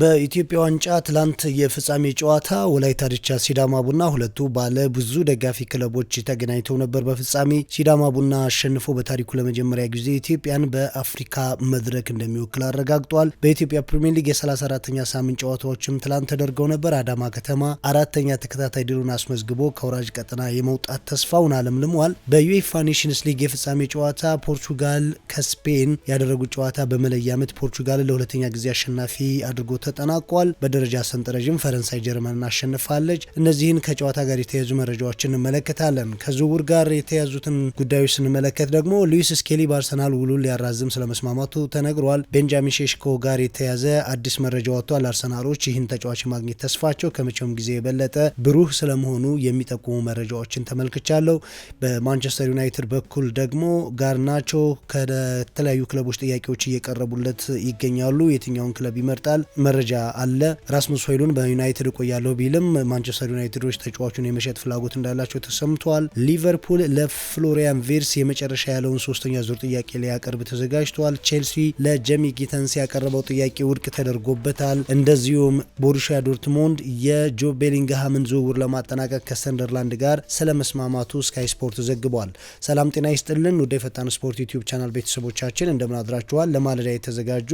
በኢትዮጵያ ዋንጫ ትላንት የፍጻሜ ጨዋታ ወላይታ ድቻ ሲዳማ ቡና ሁለቱ ባለ ብዙ ደጋፊ ክለቦች ተገናኝተው ነበር። በፍጻሜ ሲዳማ ቡና አሸንፎ በታሪኩ ለመጀመሪያ ጊዜ ኢትዮጵያን በአፍሪካ መድረክ እንደሚወክል አረጋግጧል። በኢትዮጵያ ፕሪምየር ሊግ የ34ተኛ ሳምንት ጨዋታዎችም ትላንት ተደርገው ነበር። አዳማ ከተማ አራተኛ ተከታታይ ድሉን አስመዝግቦ ከወራጅ ቀጠና የመውጣት ተስፋውን አለምልሟል። በዩኤፋ ኔሽንስ ሊግ የፍጻሜ ጨዋታ ፖርቹጋል ከስፔን ያደረጉት ጨዋታ በመለያ ምት ፖርቹጋልን ለሁለተኛ ጊዜ አሸናፊ አድርጎ ተጠናቋል። በደረጃ ሰንጠረዥም ፈረንሳይ ጀርመንን አሸንፋለች። እነዚህን ከጨዋታ ጋር የተያዙ መረጃዎችን እንመለከታለን። ከዝውውር ጋር የተያዙትን ጉዳዮች ስንመለከት ደግሞ ሉዊስ ስኬሊ በአርሰናል ውሉን ሊያራዝም ስለመስማማቱ ተነግሯል። ቤንጃሚን ሼሽኮ ጋር የተያዘ አዲስ መረጃ ወጥቷል። አርሰናሎች ይህን ተጫዋች ማግኘት ተስፋቸው ከመቼውም ጊዜ የበለጠ ብሩህ ስለመሆኑ የሚጠቁሙ መረጃዎችን ተመልክቻለሁ። በማንቸስተር ዩናይትድ በኩል ደግሞ ጋርናቾ ከተለያዩ ክለቦች ጥያቄዎች እየቀረቡለት ይገኛሉ። የትኛውን ክለብ ይመርጣል? ደረጃ አለ። ራስሙስ ሆይሉን በዩናይትድ እቆያለሁ ቢልም ማንቸስተር ዩናይትዶች ተጫዋቹን የመሸጥ ፍላጎት እንዳላቸው ተሰምተዋል። ሊቨርፑል ለፍሎሪያን ቬርስ የመጨረሻ ያለውን ሶስተኛ ዙር ጥያቄ ሊያቀርብ ተዘጋጅተዋል። ቼልሲ ለጀሚ ጊተንስ ያቀረበው ጥያቄ ውድቅ ተደርጎበታል። እንደዚሁም ቦሩሺያ ዶርትሞንድ የጆ ቤሊንግሃምን ዝውውር ለማጠናቀቅ ከሰንደርላንድ ጋር ስለመስማማቱ ስካይ ስፖርት ዘግቧል። ሰላም ጤና ይስጥልን ወደ የፈጣን ስፖርት ዩቲዩብ ቻናል ቤተሰቦቻችን እንደምን አድራችኋል? ለማለዳ የተዘጋጁ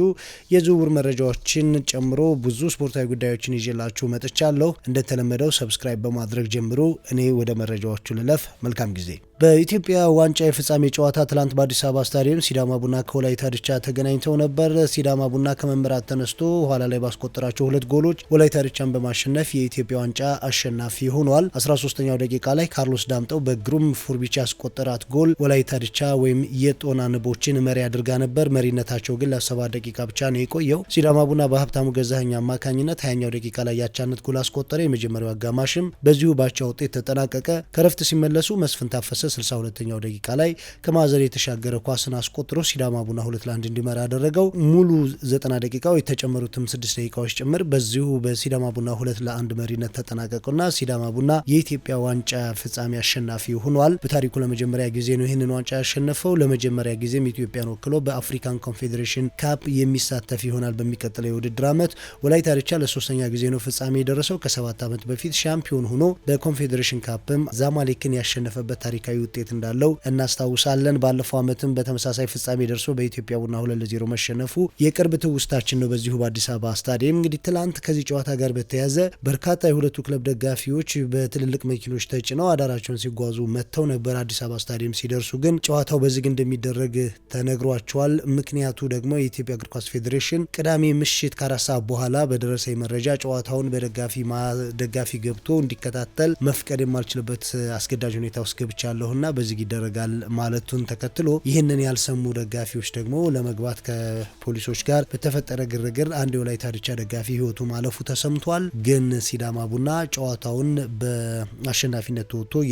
የዝውውር መረጃዎችን ጨምሮ ጨምሮ ብዙ ስፖርታዊ ጉዳዮችን ይዤላችሁ መጥቻለሁ። እንደተለመደው ሰብስክራይብ በማድረግ ጀምሩ። እኔ ወደ መረጃዎቹ ልለፍ። መልካም ጊዜ። በኢትዮጵያ ዋንጫ የፍጻሜ ጨዋታ ትላንት በአዲስ አበባ ስታዲየም ሲዳማ ቡና ከወላይታ ድቻ ተገናኝተው ነበር። ሲዳማ ቡና ከመምራት ተነስቶ ኋላ ላይ ባስቆጠራቸው ሁለት ጎሎች ወላይታ ድቻን በማሸነፍ የኢትዮጵያ ዋንጫ አሸናፊ ሆኗል። 13ኛው ደቂቃ ላይ ካርሎስ ዳምጠው በግሩም ፉርቢቻ ያስቆጠራት ጎል ወላይታ ድቻ ወይም የጦና ንቦችን መሪ አድርጋ ነበር። መሪነታቸው ግን ለሰባት ደቂቃ ብቻ ነው የቆየው። ሲዳማ ቡና በሀብታሙ ገዛ በገዛኸኝ አማካኝነት ሀያኛው ደቂቃ ላይ ያቻነት ጎል አስቆጠረ። የመጀመሪያው አጋማሽም በዚሁ ባቻ ውጤት ተጠናቀቀ። ከረፍት ሲመለሱ መስፍን ታፈሰ 62ኛው ደቂቃ ላይ ከማዘር የተሻገረ ኳስን አስቆጥሮ ሲዳማ ቡና ሁለት ለአንድ እንዲመራ አደረገው። ሙሉ ዘጠና ደቂቃው የተጨመሩትም ስድስት ደቂቃዎች ጭምር በዚሁ በሲዳማ ቡና ሁለት ለአንድ መሪነት ተጠናቀቁና ሲዳማ ቡና የኢትዮጵያ ዋንጫ ፍጻሜ አሸናፊ ሆኗል። በታሪኩ ለመጀመሪያ ጊዜ ነው ይህንን ዋንጫ ያሸነፈው። ለመጀመሪያ ጊዜም ኢትዮጵያን ወክሎ በአፍሪካን ኮንፌዴሬሽን ካፕ የሚሳተፍ ይሆናል በሚቀጥለው የውድድር ዓመት። ወላይታ ድቻ ለሶስተኛ ጊዜ ነው ፍጻሜ የደረሰው። ከሰባት ዓመት በፊት ሻምፒዮን ሆኖ በኮንፌዴሬሽን ካፕም ዛማሌክን ያሸነፈበት ታሪካዊ ውጤት እንዳለው እናስታውሳለን። ባለፈው ዓመትም በተመሳሳይ ፍጻሜ ደርሶ በኢትዮጵያ ቡና ሁለት ለዜሮ መሸነፉ የቅርብ ትውስታችን ነው። በዚሁ በአዲስ አበባ ስታዲየም እንግዲህ ትላንት ከዚህ ጨዋታ ጋር በተያያዘ በርካታ የሁለቱ ክለብ ደጋፊዎች በትልልቅ መኪኖች ተጭነው አዳራቸውን ሲጓዙ መጥተው ነበር። አዲስ አበባ ስታዲየም ሲደርሱ ግን ጨዋታው በዝግ እንደሚደረግ ተነግሯቸዋል። ምክንያቱ ደግሞ የኢትዮጵያ እግር ኳስ ፌዴሬሽን ቅዳሜ ምሽት ከአራት ከሰዓት በኋላ በደረሰኝ መረጃ ጨዋታውን በደጋፊ ደጋፊ ገብቶ እንዲከታተል መፍቀድ የማልችልበት አስገዳጅ ሁኔታ ውስጥ ገብቻለሁና በዚህ ይደረጋል ማለቱን ተከትሎ ይህንን ያልሰሙ ደጋፊዎች ደግሞ ለመግባት ከፖሊሶች ጋር በተፈጠረ ግርግር አንድ የወላይታ ድቻ ደጋፊ ህይወቱ ማለፉ ተሰምቷል። ግን ሲዳማ ቡና ጨዋታውን በአሸናፊነት ተወጥቶ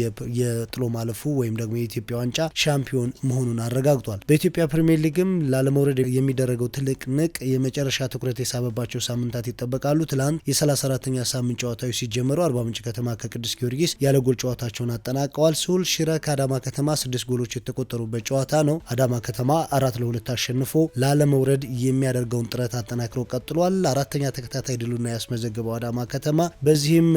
የጥሎ ማለፉ ወይም ደግሞ የኢትዮጵያ ዋንጫ ሻምፒዮን መሆኑን አረጋግጧል። በኢትዮጵያ ፕሪምየር ሊግም ላለመውረድ የሚደረገው ትልቅ ንቅ የመጨረሻ ትኩረት የሳበባቸው በሚቀጥላቸው ሳምንታት ይጠበቃሉ። ትላንት የ34ተኛ ሳምንት ጨዋታዎች ሲጀመሩ አርባ ምንጭ ከተማ ከቅዱስ ጊዮርጊስ ያለ ጎል ጨዋታቸውን አጠናቀዋል። ስሁል ሽረ ከአዳማ ከተማ ስድስት ጎሎች የተቆጠሩበት ጨዋታ ነው። አዳማ ከተማ አራት ለሁለት አሸንፎ ላለመውረድ የሚያደርገውን ጥረት አጠናክሮ ቀጥሏል። አራተኛ ተከታታይ ድሉና ያስመዘገበው አዳማ ከተማ በዚህም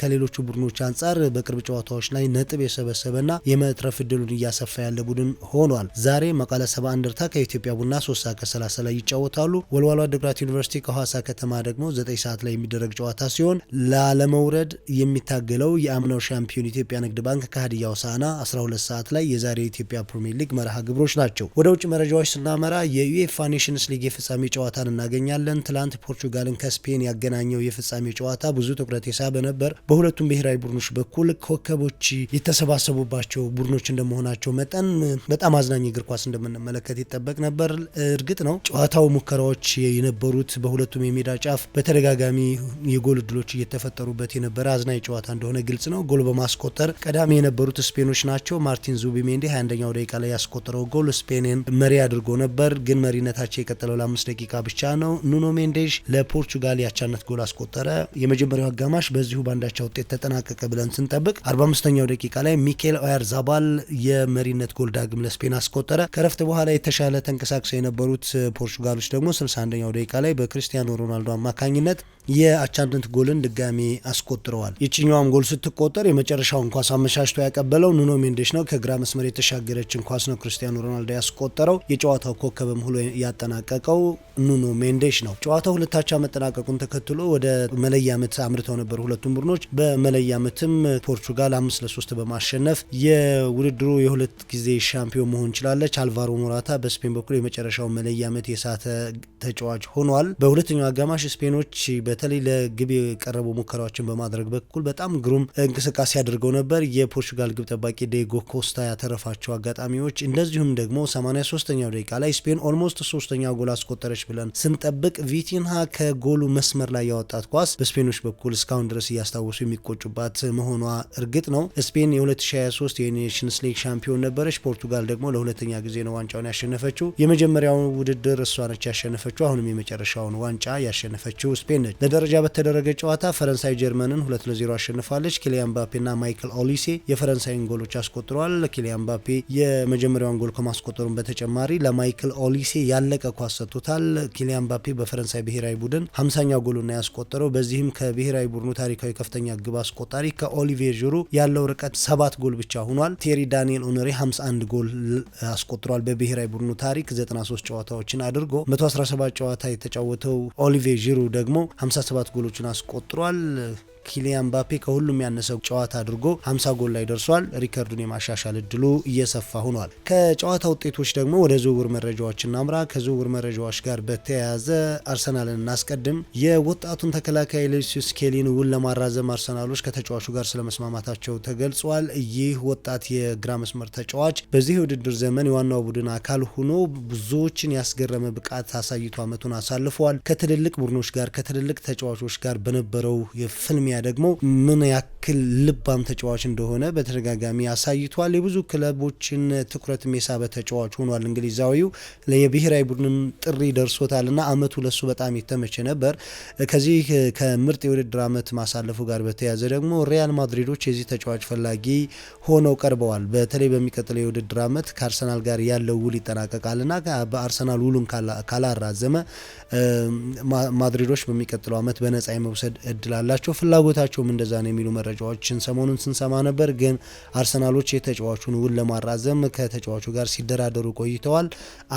ከሌሎቹ ቡድኖች አንጻር በቅርብ ጨዋታዎች ላይ ነጥብ የሰበሰበና የመትረፍ እድሉን እያሰፋ ያለ ቡድን ሆኗል። ዛሬ መቀለ ሰባ እንደርታ ከኢትዮጵያ ቡና ሶስት ሰዓት ከ30 ላይ ይጫወታሉ። ወልዋሏ ድግራት ዩኒቨርሲቲ ከሐዋሳ ከተማ ደግሞ ዘጠኝ ሰዓት ላይ የሚደረግ ጨዋታ ሲሆን ላለመውረድ የሚታገለው የአምናው ሻምፒዮን ኢትዮጵያ ንግድ ባንክ ከሀዲያ ሆሳዕና 12 ሰዓት ላይ የዛሬ የኢትዮጵያ ፕሪሚየር ሊግ መርሃ ግብሮች ናቸው። ወደ ውጭ መረጃዎች ስናመራ የዩኤፋ ኔሽንስ ሊግ የፍጻሜ ጨዋታን እናገኛለን። ትላንት ፖርቹጋልን ከስፔን ያገናኘው የፍጻሜ ጨዋታ ብዙ ትኩረት የሳበ ነበር። በሁለቱም ብሔራዊ ቡድኖች በኩል ኮከቦች የተሰባሰቡባቸው ቡድኖች እንደመሆናቸው መጠን በጣም አዝናኝ እግር ኳስ እንደምንመለከት ይጠበቅ ነበር። እርግጥ ነው ጨዋታው ሙከራዎች የነበሩት በሁለቱም የሜዳ ጫፍ በተደጋጋሚ የጎል እድሎች እየተፈጠሩበት የነበረ አዝናኝ ጨዋታ እንደሆነ ግልጽ ነው። ጎል በማስቆጠር ቀዳሚ የነበሩት ስፔኖች ናቸው። ማርቲን ዙቢሜንዲ 21ኛው ደቂቃ ላይ ያስቆጠረው ጎል ስፔንን መሪ አድርጎ ነበር፣ ግን መሪነታቸው የቀጠለው ለአምስት ደቂቃ ብቻ ነው። ኑኖ ሜንዴዥ ለፖርቹጋል ያቻነት ጎል አስቆጠረ። የመጀመሪያው አጋማሽ በዚሁ ባንዳቻ ውጤት ተጠናቀቀ ብለን ስንጠብቅ 45ኛው ደቂቃ ላይ ሚኬል ዛባል የመሪነት ጎል ዳግም ለስፔን አስቆጠረ። ከረፍት በኋላ የተሻለ ተንቀሳቅሰው የነበሩት ፖርቹጋሎች ደግሞ 61ኛው ደቂቃ ላይ በክርስቲያኖ ሮናልዶ አማካኝነት የአቻንትንት ጎልን ድጋሚ አስቆጥረዋል። ይችኛዋም ጎል ስትቆጠር የመጨረሻውን ኳስ አመሻሽቶ ያቀበለው ኑኖ ሜንዴሽ ነው። ከግራ መስመር የተሻገረችን ኳስ ነው ክርስቲያኖ ሮናልዶ ያስቆጠረው። የጨዋታው ኮከብም ሁሎ ያጠናቀቀው ኑኖ ሜንዴሽ ነው። ጨዋታው ሁለታቻ መጠናቀቁን ተከትሎ ወደ መለያ ምት አምርተው ነበር ሁለቱም ቡድኖች። በመለያ ምትም ፖርቹጋል አምስት ለሶስት በማሸነፍ የውድድሩ የሁለት ጊዜ ሻምፒዮን መሆን ችላለች። አልቫሮ ሞራታ በስፔን በኩል የመጨረሻው መለያ ምት የሳተ ተጫዋች ሆኗል። በሁለተኛው አጋማሽ ስፔኖች በተለይ ለግብ የቀረቡ ሙከራዎችን በማድረግ በኩል በጣም ግሩም እንቅስቃሴ አድርገው ነበር። የፖርቹጋል ግብ ጠባቂ ዴጎ ኮስታ ያተረፋቸው አጋጣሚዎች እንደዚሁም ደግሞ 83ኛው ደቂቃ ላይ ስፔን ኦልሞስት ሶስተኛ ጎል አስቆጠረች ብለን ስንጠብቅ ቪቲንሃ ከጎሉ መስመር ላይ ያወጣት ኳስ በስፔኖች በኩል እስካሁን ድረስ እያስታወሱ የሚቆጩባት መሆኗ እርግጥ ነው። ስፔን የ2023 የኔሽንስ ሊግ ሻምፒዮን ነበረች። ፖርቱጋል ደግሞ ለሁለተኛ ጊዜ ነው ዋንጫውን ያሸነፈችው። የመጀመሪያውን ውድድር እሷ ነች ያሸነፈችው። አሁንም የመጨረሻውን ዋንጫ ያሸነፈችው ስፔን ነች። ለደረጃ በተደረገ ጨዋታ ፈረንሳይ ጀርመንን ሁለት ለዜሮ አሸንፋለች። ኪሊያን ምባፔና ማይክል ኦሊሴ የፈረንሳይን ጎሎች አስቆጥረዋል። ኪሊያን ባፔ የመጀመሪያውን ጎል ከማስቆጠሩን በተጨማሪ ለማይክል ኦሊሴ ያለቀ ኳስ ሰጥቶታል። ኪሊያን ባፔ በፈረንሳይ ብሔራዊ ቡድን ሀምሳኛ ጎሉን ያስቆጠረው። በዚህም ከብሔራዊ ቡድኑ ታሪካዊ ከፍተኛ ግብ አስቆጣሪ ከኦሊቬር ዥሩ ያለው ርቀት ሰባት ጎል ብቻ ሆኗል። ቴሪ ዳንኤል ኦነሪ 51 ጎል አስቆጥሯል። በብሔራዊ ቡድኑ ታሪክ 93 ጨዋታዎችን አድርጎ 117 ጨዋታ የተጫወተው ኦሊቬ ዥሩ ደግሞ 57 ጎሎችን አስቆጥሯል። ኪሊያን ምባፔ ከሁሉም ያነሰው ጨዋታ አድርጎ 50 ጎል ላይ ደርሷል። ሪከርዱን የማሻሻል እድሉ እየሰፋ ሆኗል። ከጨዋታ ውጤቶች ደግሞ ወደ ዝውውር መረጃዎች እናምራ። ከዝውውር መረጃዎች ጋር በተያያዘ አርሰናልን እናስቀድም። የወጣቱን ተከላካይ ሉሲስ ስኬሊን ውል ለማራዘም አርሰናሎች ከተጫዋቹ ጋር ስለመስማማታቸው ተገልጿል። ይህ ወጣት የግራ መስመር ተጫዋች በዚህ የውድድር ዘመን የዋናው ቡድን አካል ሆኖ ብዙዎችን ያስገረመ ብቃት አሳይቶ አመቱን አሳልፏል። ከትልልቅ ቡድኖች ጋር ከትልልቅ ተጫዋቾች ጋር በነበረው የፍልሚያ ክሊማኒያ ደግሞ ምን ያክል ልባም ተጫዋች እንደሆነ በተደጋጋሚ አሳይቷል። የብዙ ክለቦችን ትኩረት የሳበ ተጫዋች ሆኗል። እንግሊዛዊው የብሔራዊ ቡድንም ጥሪ ደርሶታል እና አመቱ ለሱ በጣም የተመቸ ነበር። ከዚህ ከምርጥ የውድድር አመት ማሳለፉ ጋር በተያያዘ ደግሞ ሪያል ማድሪዶች የዚህ ተጫዋች ፈላጊ ሆነው ቀርበዋል። በተለይ በሚቀጥለው የውድድር አመት ከአርሰናል ጋር ያለው ውል ይጠናቀቃል እና በአርሰናል ውሉን ካላራዘመ ማድሪዶች በሚቀጥለው አመት በነጻ የመውሰድ እድል አላቸው ፍላ ፍላጎታቸውም እንደዛ ነው የሚሉ መረጃዎችን ሰሞኑን ስንሰማ ነበር። ግን አርሰናሎች የተጫዋቹን ውል ለማራዘም ከተጫዋቹ ጋር ሲደራደሩ ቆይተዋል።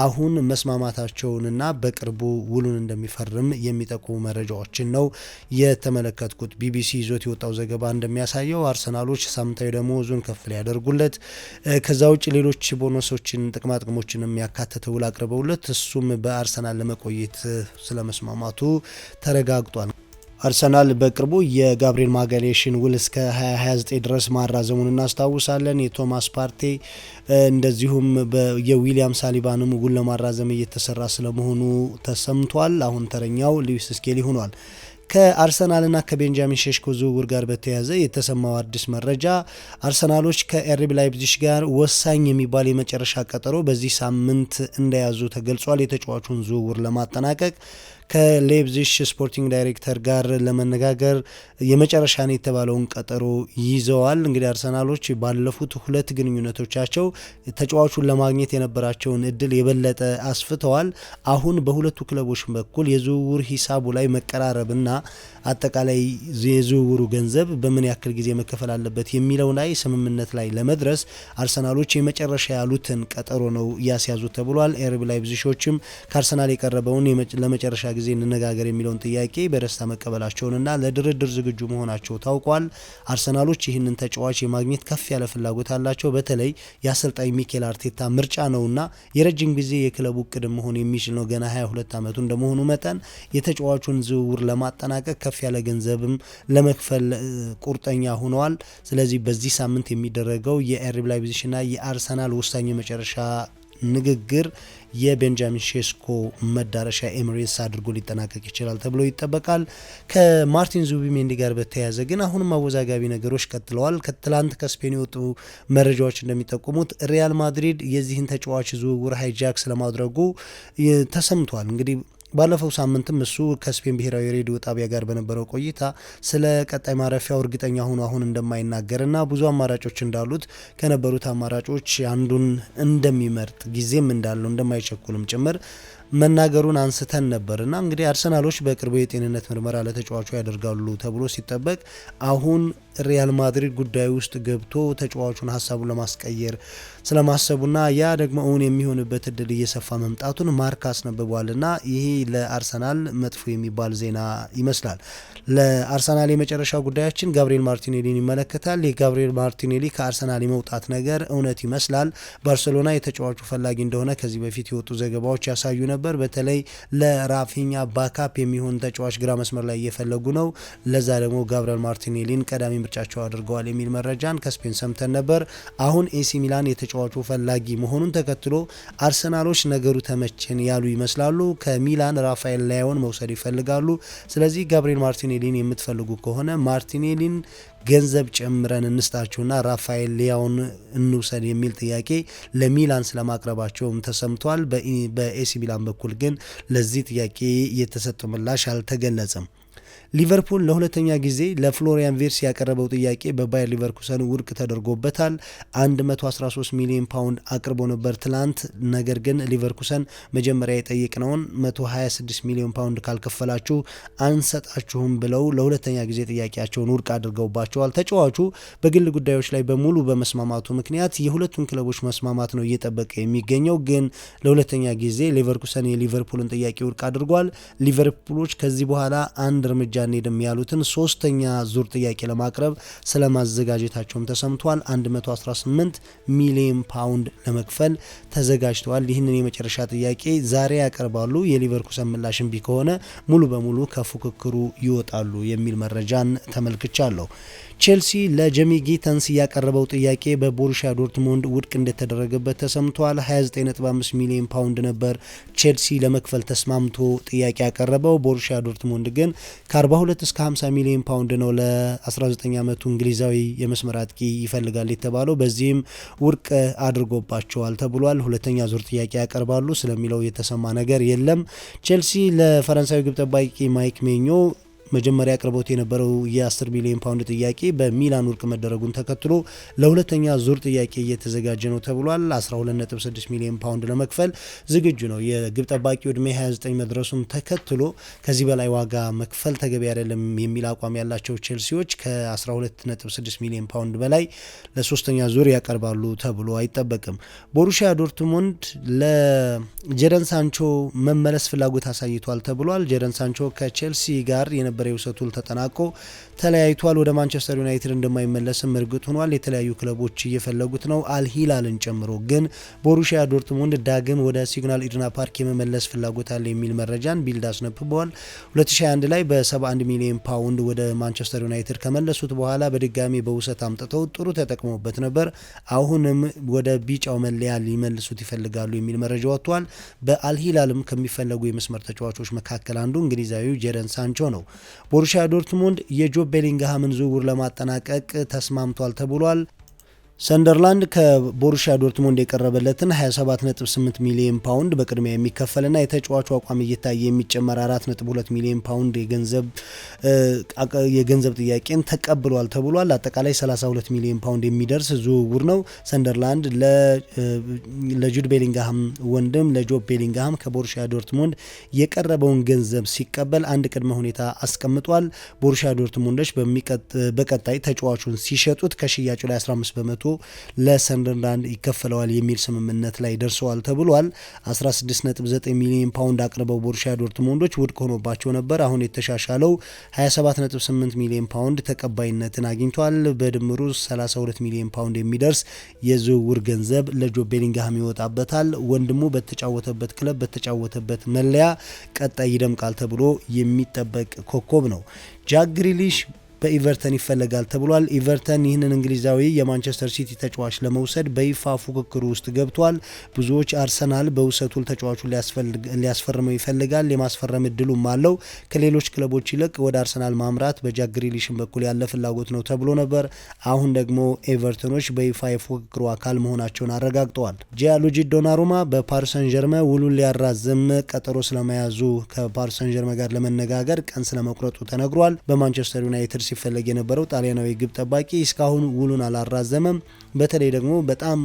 አሁን መስማማታቸውንና በቅርቡ ውሉን እንደሚፈርም የሚጠቁሙ መረጃዎችን ነው የተመለከትኩት። ቢቢሲ ይዞት የወጣው ዘገባ እንደሚያሳየው አርሰናሎች ሳምንታዊ ደሞዙን ከፍ ሊያደርጉለት ከዛ ውጭ ሌሎች ቦነሶችን፣ ጥቅማጥቅሞችንም ያካተተ ውል አቅርበውለት እሱም በአርሰናል ለመቆየት ስለመስማማቱ ተረጋግጧል። አርሰናል በቅርቡ የጋብሪኤል ማጋሌሽን ውል እስከ 2029 ድረስ ማራዘሙን እናስታውሳለን። የቶማስ ፓርቴ እንደዚሁም የዊሊያም ሳሊባንም ውል ለማራዘም እየተሰራ ስለመሆኑ ተሰምቷል። አሁን ተረኛው ሉዊስ ስኬሊ ሆኗል። ከአርሰናልና ከቤንጃሚን ሼሽኮ ዝውውር ጋር በተያያዘ የተሰማው አዲስ መረጃ አርሰናሎች ከኤሪብ ላይፕዚሽ ጋር ወሳኝ የሚባል የመጨረሻ ቀጠሮ በዚህ ሳምንት እንደያዙ ተገልጿል። የተጫዋቹን ዝውውር ለማጠናቀቅ ከሌብዚሽ ስፖርቲንግ ዳይሬክተር ጋር ለመነጋገር የመጨረሻን የተባለውን ቀጠሮ ይዘዋል። እንግዲህ አርሰናሎች ባለፉት ሁለት ግንኙነቶቻቸው ተጫዋቹን ለማግኘት የነበራቸውን እድል የበለጠ አስፍተዋል። አሁን በሁለቱ ክለቦች በኩል የዝውውር ሂሳቡ ላይ መቀራረብና አጠቃላይ የዝውውሩ ገንዘብ በምን ያክል ጊዜ መከፈል አለበት የሚለው ላይ ስምምነት ላይ ለመድረስ አርሰናሎች የመጨረሻ ያሉትን ቀጠሮ ነው እያስያዙ ተብሏል። ኤርቢ ላይፕዚሾችም ከአርሰናል የቀረበውን ለመጨረሻ ጊዜ እንነጋገር የሚለውን ጥያቄ በደስታ መቀበላቸውንና ለድርድር ዝግጁ መሆናቸው ታውቋል። አርሰናሎች ይህንን ተጫዋች የማግኘት ከፍ ያለ ፍላጎት አላቸው። በተለይ የአሰልጣኝ ሚኬል አርቴታ ምርጫ ነውና የረጅም ጊዜ የክለቡ እቅድ መሆን የሚችል ነው። ገና 22 ዓመቱ እንደመሆኑ መጠን የተጫዋቹን ዝውውር ለማጠናቀቅ ከፍ ያለ ገንዘብም ለመክፈል ቁርጠኛ ሆነዋል። ስለዚህ በዚህ ሳምንት የሚደረገው የኤር ላይፕዚግና የአርሰናል ወሳኝ የመጨረሻ ንግግር የቤንጃሚን ሼስኮ መዳረሻ ኤምሬትስ አድርጎ ሊጠናቀቅ ይችላል ተብሎ ይጠበቃል። ከማርቲን ዙቢሜንዲ ጋር በተያያዘ ግን አሁንም አወዛጋቢ ነገሮች ቀጥለዋል። ከትላንት ከስፔን የወጡ መረጃዎች እንደሚጠቁሙት ሪያል ማድሪድ የዚህን ተጫዋች ዝውውር ሃይጃክ ስለማድረጉ ተሰምቷል። እንግዲህ ባለፈው ሳምንትም እሱ ከስፔን ብሔራዊ ሬዲዮ ጣቢያ ጋር በነበረው ቆይታ ስለ ቀጣይ ማረፊያው እርግጠኛ ሆኖ አሁን እንደማይናገርና ብዙ አማራጮች እንዳሉት ከነበሩት አማራጮች አንዱን እንደሚመርጥ ጊዜም እንዳለው እንደማይቸኩልም ጭምር መናገሩን አንስተን ነበር እና እንግዲህ አርሰናሎች በቅርቡ የጤንነት ምርመራ ለተጫዋቹ ያደርጋሉ ተብሎ ሲጠበቅ አሁን ሪያል ማድሪድ ጉዳይ ውስጥ ገብቶ ተጫዋቹን ሀሳቡን ለማስቀየር ስለማሰቡና ያ ደግሞ እውን የሚሆንበት እድል እየሰፋ መምጣቱን ማርካ አስነብቧልና ይሄ ለአርሰናል መጥፎ የሚባል ዜና ይመስላል። ለአርሰናል የመጨረሻ ጉዳያችን ጋብሪኤል ማርቲኔሊን ይመለከታል። ይህ ጋብሪኤል ማርቲኔሊ ከአርሰናል የመውጣት ነገር እውነት ይመስላል። ባርሴሎና የተጫዋቹ ፈላጊ እንደሆነ ከዚህ በፊት የወጡ ዘገባዎች ያሳዩ ነበር። በተለይ ለራፊኛ ባካፕ የሚሆን ተጫዋች ግራ መስመር ላይ እየፈለጉ ነው። ለዛ ደግሞ ጋብሪኤል ማርቲኔሊን ቀዳሚ ምርጫቸው አድርገዋል የሚል መረጃን ከስፔን ሰምተን ነበር። አሁን ኤሲ ሚላን የተጫዋቹ ፈላጊ መሆኑን ተከትሎ አርሰናሎች ነገሩ ተመቸን ያሉ ይመስላሉ። ከሚላን ራፋኤል ላዮን መውሰድ ይፈልጋሉ። ስለዚህ ጋብሪኤል ማርቲኔሊን የምትፈልጉ ከሆነ ማርቲኔሊን ገንዘብ ጨምረን እንስጣችሁና ራፋኤል ሊያውን እንውሰድ የሚል ጥያቄ ለሚላን ስለማቅረባቸውም ተሰምቷል። በኤሲ ሚላን በኩል ግን ለዚህ ጥያቄ የተሰጠ ምላሽ አልተገለጸም። ሊቨርፑል ለሁለተኛ ጊዜ ለፍሎሪያን ቪርስ ያቀረበው ጥያቄ በባየር ሊቨርኩሰን ውድቅ ተደርጎበታል። 113 ሚሊዮን ፓውንድ አቅርቦ ነበር ትላንት። ነገር ግን ሊቨርኩሰን መጀመሪያ የጠየቅነውን 126 ሚሊዮን ፓውንድ ካልከፈላችሁ አንሰጣችሁም ብለው ለሁለተኛ ጊዜ ጥያቄያቸውን ውድቅ አድርገውባቸዋል። ተጫዋቹ በግል ጉዳዮች ላይ በሙሉ በመስማማቱ ምክንያት የሁለቱን ክለቦች መስማማት ነው እየጠበቀ የሚገኘው። ግን ለሁለተኛ ጊዜ ሊቨርኩሰን የሊቨርፑልን ጥያቄ ውድቅ አድርጓል። ሊቨርፑሎች ከዚህ በኋላ አንድ እርምጃ አንሄድም ያሉትን ሶስተኛ ዙር ጥያቄ ለማቅረብ ማዘጋጀታቸውም ተሰምቷል። 118 ሚሊዮን ፓውንድ ለመክፈል ተዘጋጅተዋል። ይህንን የመጨረሻ ጥያቄ ዛሬ ያቀርባሉ። የሊቨርኩሰን ምላሽ እምቢ ከሆነ ሙሉ በሙሉ ከፉክክሩ ይወጣሉ የሚል መረጃን ተመልክቻለሁ። ቼልሲ ለጀሚ ጊተንስ ያቀረበው ጥያቄ በቦሩሺያ ዶርትሞንድ ውድቅ እንደተደረገበት ተሰምቷል። 29.5 ሚሊዮን ፓውንድ ነበር ቼልሲ ለመክፈል ተስማምቶ ጥያቄ ያቀረበው። ቦሩሻ ዶርትሞንድ ግን ከ42 እስከ 50 ሚሊዮን ፓውንድ ነው ለ19 ዓመቱ እንግሊዛዊ የመስመር አጥቂ ይፈልጋል የተባለው። በዚህም ውድቅ አድርጎባቸዋል ተብሏል። ሁለተኛ ዙር ጥያቄ ያቀርባሉ ስለሚለው የተሰማ ነገር የለም። ቼልሲ ለፈረንሳዊ ግብ ጠባቂ ማይክ ሜኞ መጀመሪያ አቅርቦት የነበረው የ10 ሚሊዮን ፓውንድ ጥያቄ በሚላን ውድቅ መደረጉን ተከትሎ ለሁለተኛ ዙር ጥያቄ እየተዘጋጀ ነው ተብሏል። 126 ሚሊዮን ፓውንድ ለመክፈል ዝግጁ ነው። የግብ ጠባቂው ዕድሜ 29 መድረሱን ተከትሎ ከዚህ በላይ ዋጋ መክፈል ተገቢ አይደለም የሚል አቋም ያላቸው ቼልሲዎች ከ126 ሚሊዮን ፓውንድ በላይ ለሶስተኛ ዙር ያቀርባሉ ተብሎ አይጠበቅም። ቦሩሺያ ዶርትሙንድ ለጀደን ሳንቾ መመለስ ፍላጎት አሳይቷል ተብሏል። ጀደን ሳንቾ ከቼልሲ ጋር ነበር የውሰቱል ተጠናቆ ተለያይቷል። ወደ ማንቸስተር ዩናይትድ እንደማይመለስም እርግጥ ሆኗል። የተለያዩ ክለቦች እየፈለጉት ነው፣ አልሂላልን ጨምሮ። ግን ቦሩሺያ ዶርትሙንድ ዳግም ወደ ሲግናል ኢድና ፓርክ የመመለስ ፍላጎት አለ የሚል መረጃን ቢልድ አስነብበዋል። 2021 ላይ በ71 ሚሊዮን ፓውንድ ወደ ማንቸስተር ዩናይትድ ከመለሱት በኋላ በድጋሚ በውሰት አምጥተው ጥሩ ተጠቅመውበት ነበር። አሁንም ወደ ቢጫው መለያ ሊመልሱት ይፈልጋሉ የሚል መረጃ ወጥቷል። በአልሂላልም ከሚፈለጉ የመስመር ተጫዋቾች መካከል አንዱ እንግሊዛዊው ጄደን ሳንቾ ነው። ቦሩሻ ዶርትሙንድ የጆብ ቤሊንግሃምን ዝውውር ለማጠናቀቅ ተስማምቷል ተብሏል። ሰንደርላንድ ከቦሩሻ ዶርትሞንድ የቀረበለትን 278 ሚሊዮን ፓውንድ በቅድሚያ የሚከፈልና የተጫዋቹ አቋም እየታየ የሚጨመር 42 ሚሊዮን ፓውንድ የገንዘብ ጥያቄን ተቀብሏል ተብሏል። አጠቃላይ 32 ሚሊዮን ፓውንድ የሚደርስ ዝውውር ነው። ሰንደርላንድ ለጁድ ቤሊንግሃም ወንድም ለጆብ ቤሊንግሃም ከቦሩሻ ዶርትሞንድ የቀረበውን ገንዘብ ሲቀበል አንድ ቅድመ ሁኔታ አስቀምጧል። ቦሩሻ ዶርትሞንዶች በቀጣይ ተጫዋቹን ሲሸጡት ከሽያጩ ላይ 15 በመቶ ለሰንደርላንድ ይከፈለዋል የሚል ስምምነት ላይ ደርሰዋል ተብሏል። 16.9 ሚሊዮን ፓውንድ አቅርበው ቦርሻ ዶርትሞንዶች ውድቅ ሆኖባቸው ነበር። አሁን የተሻሻለው 27.8 ሚሊዮን ፓውንድ ተቀባይነትን አግኝቷል። በድምሩ 32 ሚሊዮን ፓውንድ የሚደርስ የዝውውር ገንዘብ ለጆ ቤሊንግሃም ይወጣበታል። ወንድሙ በተጫወተበት ክለብ በተጫወተበት መለያ ቀጣይ ይደምቃል ተብሎ የሚጠበቅ ኮከብ ነው። ጃክ ግሪሊሽ በኢቨርተን ይፈለጋል ተብሏል። ኢቨርተን ይህንን እንግሊዛዊ የማንቸስተር ሲቲ ተጫዋች ለመውሰድ በይፋ ፉክክር ውስጥ ገብቷል። ብዙዎች አርሰናል በውሰቱ ተጫዋቹን ሊያስፈርመው ይፈልጋል፣ የማስፈረም እድሉም አለው። ከሌሎች ክለቦች ይልቅ ወደ አርሰናል ማምራት በጃክ ግሪሊሽን በኩል ያለ ፍላጎት ነው ተብሎ ነበር። አሁን ደግሞ ኤቨርተኖች በይፋ የፉክክሩ አካል መሆናቸውን አረጋግጠዋል። ጂያሎጂ ዶናሩማ በፓሪሰን ጀርመ ውሉን ሊያራዝም ቀጠሮ ስለመያዙ ከፓሪሰን ጀርመ ጋር ለመነጋገር ቀን ስለመቁረጡ ተነግሯል። በማንቸስተር ዩናይትድ ሲፈለግ የነበረው ጣሊያናዊ ግብ ጠባቂ እስካሁን ውሉን አላራዘመም። በተለይ ደግሞ በጣም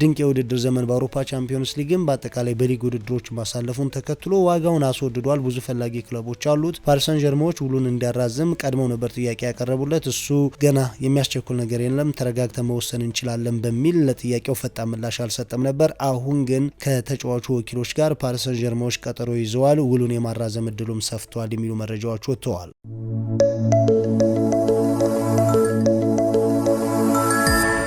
ድንቅ የውድድር ዘመን በአውሮፓ ቻምፒዮንስ ሊግም በአጠቃላይ በሊግ ውድድሮች ማሳለፉን ተከትሎ ዋጋውን አስወድዷል። ብዙ ፈላጊ ክለቦች አሉት። ፓሪሰን ጀርማዎች ውሉን እንዲያራዝም ቀድመው ነበር ጥያቄ ያቀረቡለት። እሱ ገና የሚያስቸኩል ነገር የለም ተረጋግተን መወሰን እንችላለን በሚል ለጥያቄው ፈጣን ምላሽ አልሰጠም ነበር። አሁን ግን ከተጫዋቹ ወኪሎች ጋር ፓሪሰን ጀርማዎች ቀጠሮ ይዘዋል። ውሉን የማራዘም እድሉም ሰፍቷል የሚሉ መረጃዎች ወጥተዋል።